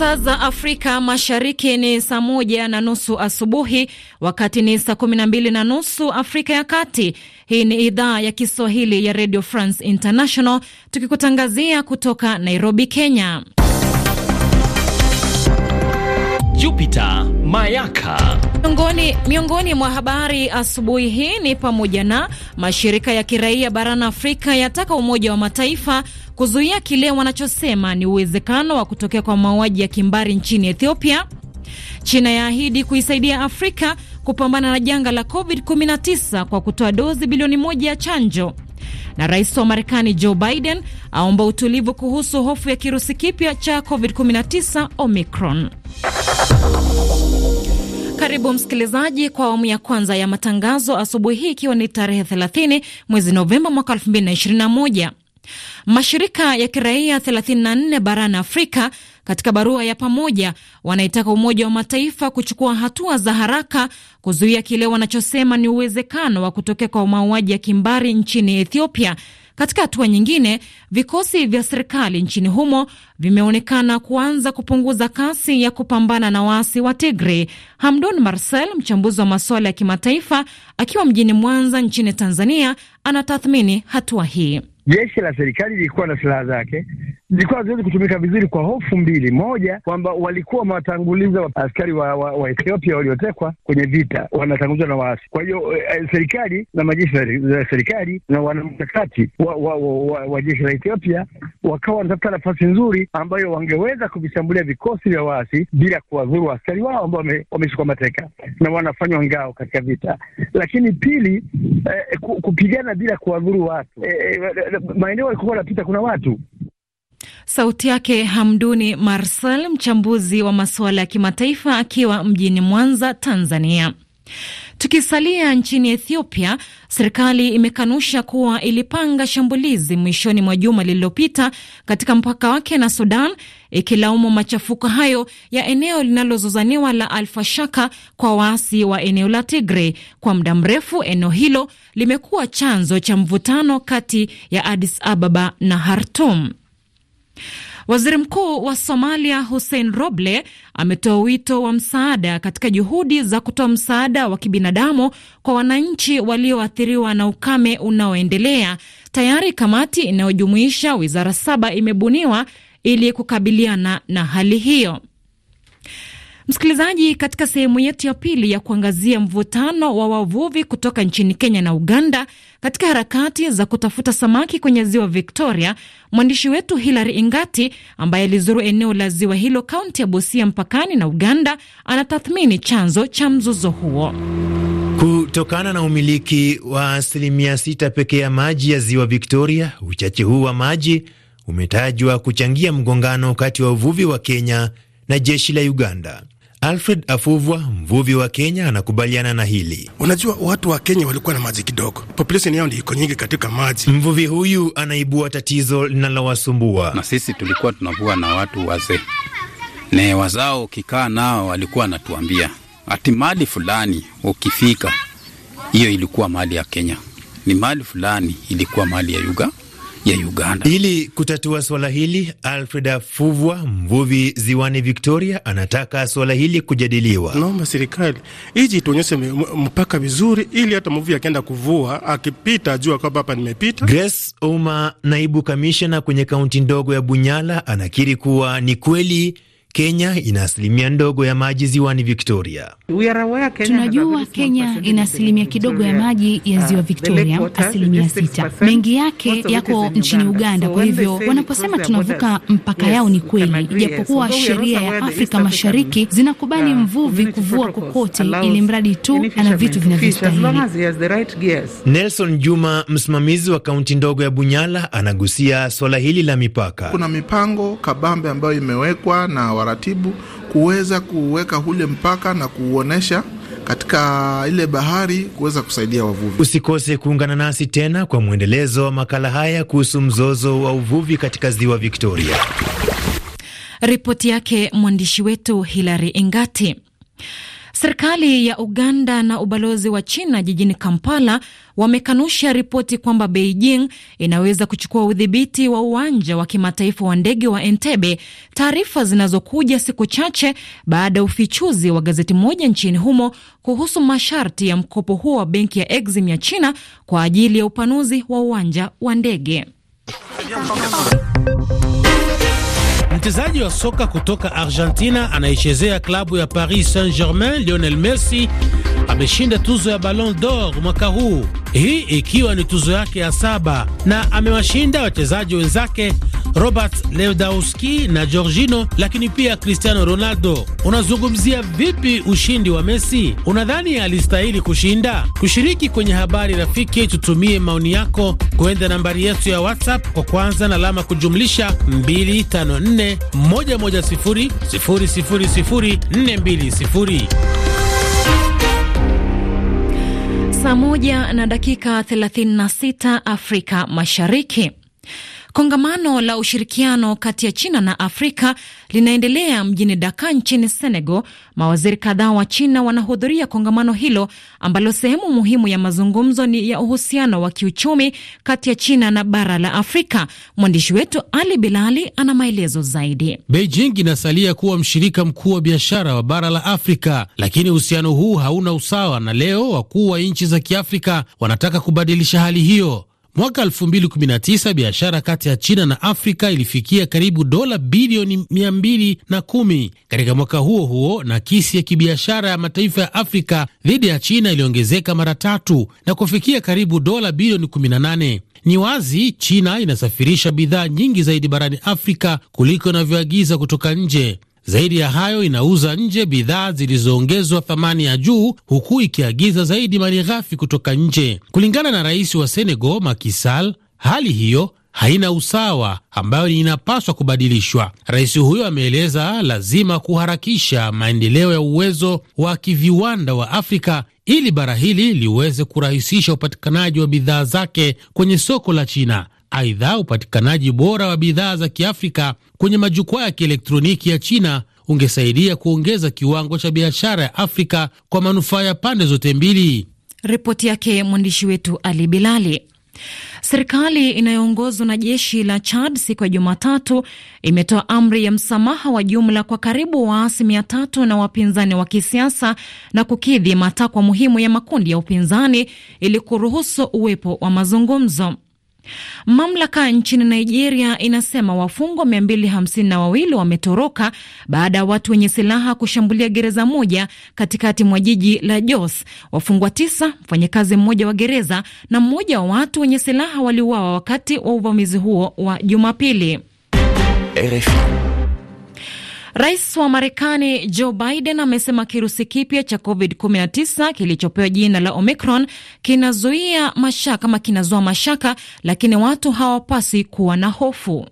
saa za Afrika Mashariki ni saa moja na nusu asubuhi, wakati ni saa kumi na mbili na nusu Afrika ya Kati. Hii ni idhaa ya Kiswahili ya Radio France International, tukikutangazia kutoka Nairobi, Kenya. Jupiter Mayaka. Miongoni, miongoni mwa habari asubuhi hii ni pamoja na mashirika ya kiraia barani Afrika yataka Umoja wa Mataifa kuzuia kile wanachosema ni uwezekano wa kutokea kwa mauaji ya kimbari nchini Ethiopia. China yaahidi kuisaidia Afrika kupambana na janga la COVID-19 kwa kutoa dozi bilioni moja ya chanjo. Na rais wa Marekani Joe Biden aomba utulivu kuhusu hofu ya kirusi kipya cha COVID-19 Omicron. Karibu msikilizaji kwa awamu ya kwanza ya matangazo asubuhi hii, ikiwa ni tarehe 30 mwezi Novemba mwaka 2021. Mashirika ya kiraia 34 barani Afrika katika barua ya pamoja wanaitaka Umoja wa Mataifa kuchukua hatua za haraka kuzuia kile wanachosema ni uwezekano wa kutokea kwa mauaji ya kimbari nchini Ethiopia katika hatua nyingine, vikosi vya serikali nchini humo vimeonekana kuanza kupunguza kasi ya kupambana na waasi wa Tigre. Hamdun Marcel, mchambuzi wa masuala ya kimataifa, akiwa mjini Mwanza nchini Tanzania, anatathmini hatua hii jeshi la serikali lilikuwa na silaha zake zilikuwa haziwezi kutumika vizuri kwa hofu mbili. Moja, kwamba walikuwa wamewatanguliza askari wa, wa, wa Ethiopia waliotekwa kwenye vita, wanatangulizwa na waasi. Kwa hiyo eh, eh serikali na majeshi ya serikali na wanamkakati wa, wa, wa, wa, wa jeshi la Ethiopia wakawa wanatafuta nafasi nzuri ambayo wangeweza kuvishambulia vikosi vya waasi bila kuwadhuru askari wao ambao wameshikwa mateka na wanafanywa ngao katika vita. Lakini pili, eh, kupigana bila kuwadhuru watu eh, eh, maeneo walikuwa wanapita kuna watu. Sauti yake Hamduni Marsal, mchambuzi wa masuala ya kimataifa akiwa mjini Mwanza, Tanzania. Tukisalia nchini Ethiopia, serikali imekanusha kuwa ilipanga shambulizi mwishoni mwa juma lililopita katika mpaka wake na Sudan, ikilaumu machafuko hayo ya eneo linalozozaniwa la Alfashaka kwa waasi wa eneo la Tigre. Kwa muda mrefu, eneo hilo limekuwa chanzo cha mvutano kati ya Addis Ababa na hartum Waziri Mkuu wa Somalia Hussein Roble ametoa wito wa msaada katika juhudi za kutoa msaada wa kibinadamu kwa wananchi walioathiriwa na ukame unaoendelea. Tayari kamati inayojumuisha wizara saba imebuniwa ili kukabiliana na hali hiyo. Msikilizaji, katika sehemu yetu ya pili ya kuangazia mvutano wa wavuvi kutoka nchini Kenya na Uganda katika harakati za kutafuta samaki kwenye ziwa Victoria, mwandishi wetu Hilary Ingati ambaye alizuru eneo la ziwa hilo kaunti ya Busia mpakani na Uganda anatathmini chanzo cha mzozo huo. Kutokana na umiliki wa asilimia sita pekee ya maji ya ziwa Victoria, uchache huu wa maji umetajwa kuchangia mgongano kati ya wavuvi wa Kenya na jeshi la Uganda. Alfred Afuvwa, mvuvi wa Kenya, anakubaliana na hili. Unajua, watu wa Kenya walikuwa na maji kidogo, population yao iko nyingi katika maji. Mvuvi huyu anaibua tatizo linalowasumbua. Na sisi tulikuwa tunavua na watu wazee, ne wazao ukikaa nao walikuwa wanatuambia ati mali fulani ukifika, hiyo ilikuwa mali ya Kenya, ni mali fulani ilikuwa mali ya Yuga ya Uganda. Ili kutatua suala hili, Alfreda Fuvwa, mvuvi ziwani Victoria, anataka suala hili kujadiliwa. Naomba serikali iji tuonyeshe mpaka vizuri, ili hata mvuvi akienda kuvua akipita ajua kwamba hapa nimepita. Grace Uma, naibu kamishna kwenye kaunti ndogo ya Bunyala, anakiri kuwa ni kweli Kenya ina asilimia ndogo ya maji ziwani Victoria. Tunajua Kenya ina asilimia kidogo ya maji ya uh, ziwa Victoria, asilimia sita. Mengi yake yako nchini Uganda. Kwa hivyo wanaposema tunavuka mpaka yao ni kweli, ijapokuwa sheria ya Afrika Mashariki zinakubali mvuvi kuvua kokote, ili mradi tu ana vitu vinavyostahili. Nelson Juma, msimamizi wa kaunti ndogo ya Bunyala, anagusia swala hili la mipaka. Kuna mipango kabambe ambayo imewekwa na waratibu kuweza kuweka ule mpaka na kuuonesha katika ile bahari kuweza kusaidia wavuvi. Usikose kuungana nasi tena kwa mwendelezo wa makala haya kuhusu mzozo wa uvuvi katika ziwa Victoria. Ripoti yake mwandishi wetu Hilary Ingati. Serikali ya Uganda na ubalozi wa China jijini Kampala wamekanusha ripoti kwamba Beijing inaweza kuchukua udhibiti wa uwanja wa kimataifa wa ndege wa Entebbe, taarifa zinazokuja siku chache baada ya ufichuzi wa gazeti moja nchini humo kuhusu masharti ya mkopo huo wa benki ya Exim ya China kwa ajili ya upanuzi wa uwanja wa ndege. Mchezaji wa soka kutoka Argentina anayechezea klabu ya Paris Saint-Germain, Lionel Messi ameshinda tuzo ya Ballon d'Or mwaka huu, hii ikiwa ni tuzo yake ya saba, na amewashinda wachezaji wenzake Robert Lewandowski na Jorginho, lakini pia Cristiano Ronaldo. Unazungumzia vipi ushindi wa Messi? Unadhani alistahili kushinda? Kushiriki kwenye habari rafiki, tutumie maoni yako kuenda nambari yetu ya WhatsApp kwa kwanza na alama kujumlisha 254 110 000 420. Saa moja na dakika 36 Afrika Mashariki. Kongamano la ushirikiano kati ya China na Afrika linaendelea mjini Dakar nchini Senegal. Mawaziri kadhaa wa China wanahudhuria kongamano hilo ambalo sehemu muhimu ya mazungumzo ni ya uhusiano wa kiuchumi kati ya China na bara la Afrika. Mwandishi wetu Ali Bilali ana maelezo zaidi. Beijing inasalia kuwa mshirika mkuu wa biashara wa bara la Afrika, lakini uhusiano huu hauna usawa, na leo wakuu wa nchi za Kiafrika wanataka kubadilisha hali hiyo. Mwaka 2019 biashara kati ya China na Afrika ilifikia karibu dola bilioni 210. Katika mwaka huo huo, nakisi ya kibiashara ya mataifa ya Afrika dhidi ya China iliongezeka mara tatu na kufikia karibu dola bilioni 18. Ni wazi China inasafirisha bidhaa nyingi zaidi barani Afrika kuliko inavyoagiza kutoka nje. Zaidi ya hayo, inauza nje bidhaa zilizoongezwa thamani ya juu, huku ikiagiza zaidi ghafi kutoka nje. Kulingana na rais wa Senegal Macky Sall, hali hiyo haina usawa ambayo inapaswa kubadilishwa. Rais huyo ameeleza lazima kuharakisha maendeleo ya uwezo wa kiviwanda wa Afrika ili bara hili liweze kurahisisha upatikanaji wa bidhaa zake kwenye soko la China. Aidha, upatikanaji bora wa bidhaa za Kiafrika kwenye majukwaa ya kielektroniki ya China ungesaidia kuongeza kiwango cha biashara ya Afrika kwa manufaa ya pande zote mbili. Ripoti yake mwandishi wetu Ali Bilali. Serikali inayoongozwa na jeshi la Chad siku ya Jumatatu imetoa amri ya msamaha wa jumla kwa karibu waasi mia tatu na wapinzani wa kisiasa na kukidhi matakwa muhimu ya makundi ya upinzani ili kuruhusu uwepo wa mazungumzo. Mamlaka nchini Nigeria inasema wafungwa mia mbili hamsini na wawili wametoroka baada ya watu wenye silaha kushambulia gereza moja katikati mwa jiji la Jos. Wafungwa tisa, mfanyakazi mmoja wa gereza na mmoja wa watu wenye silaha waliuawa wakati wa uvamizi huo wa Jumapili. RFI Rais wa Marekani Joe Biden amesema kirusi kipya cha COVID-19 kilichopewa jina la Omicron kinazuia mashaka ama kinazua mashaka, lakini watu hawapasi kuwa na hofu.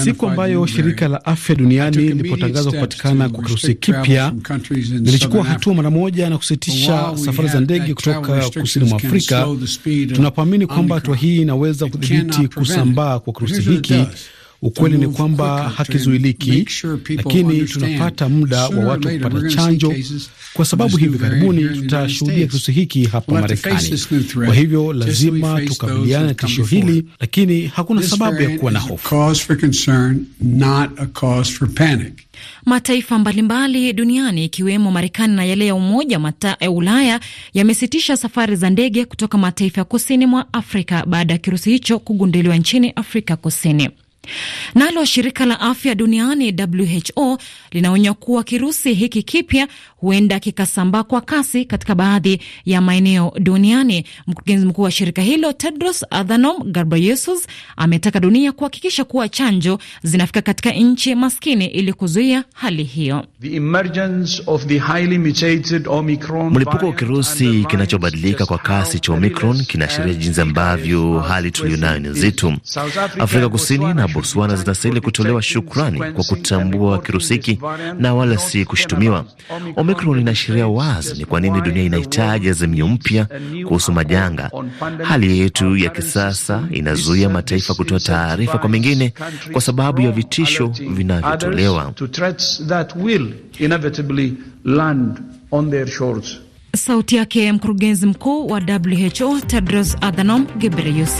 Siku ambayo shirika la afya duniani lilipotangaza kupatikana kwa kirusi kipya ilichukua hatua mara moja na kusitisha safari za ndege kutoka kusini mwa Afrika, tunapoamini kwamba hatua hii inaweza kudhibiti kusambaa kwa kirusi hiki does. Ukweli ni kwamba hakizuiliki, lakini tunapata muda wa watu kupata chanjo, kwa sababu hivi karibuni tutashuhudia kirusi hiki hapa Marekani. Kwa hivyo lazima tukabiliana na tishio hili, lakini hakuna sababu ya kuwa na hofu. Mataifa mbalimbali duniani ikiwemo Marekani na yale ya Umoja ya Ulaya yamesitisha safari za ndege kutoka mataifa ya kusini mwa Afrika baada ya kirusi hicho kugunduliwa nchini Afrika Kusini. Nalo shirika la afya duniani WHO linaonya kuwa kirusi hiki kipya huenda kikasambaa kwa kasi katika baadhi ya maeneo duniani. Mkurugenzi mkuu wa shirika hilo Tedros Adhanom Ghebreyesus ametaka dunia kuhakikisha kuwa chanjo zinafika katika nchi maskini ili kuzuia hali hiyo. Mlipuko wa kirusi kinachobadilika kwa kasi cha Omicron kinaashiria jinsi ambavyo hali tuliyonayo ni nzito. Afrika Kusini na Botswana zinastahili kutolewa shukrani kwa kutambua kirusi hiki na wala si kushutumiwa. Omicron inaashiria wazi ni kwa nini dunia inahitaji azimio mpya kuhusu majanga. Hali yetu ya kisasa inazuia mataifa kutoa taarifa kwa mengine kwa sababu ya vitisho vinavyotolewa. Sauti yake mkurugenzi mkuu wa WHO Tedros Adhanom Ghebreyesus.